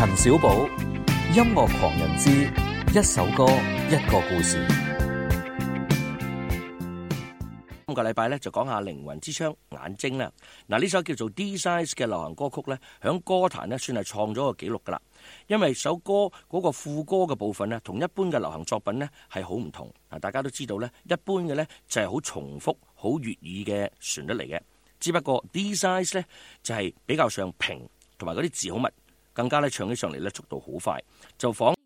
陳少寶，音樂狂人之一首歌一個故事。今個禮拜咧就講下靈魂之窗眼睛啦。嗱呢首叫做《These Eyes》嘅流行歌曲咧，響歌壇咧算係創咗個紀錄㗎喇。因為首歌嗰個副歌嘅部分咧，同一般嘅流行作品咧係好唔同。嗱，大家都知道咧，一般嘅咧就係好重複、好粵語嘅旋律嚟嘅。只不過《These Eyes》咧就係比較上平同埋嗰啲字好密。更加咧，搶起上嚟咧，速度好快，就仿。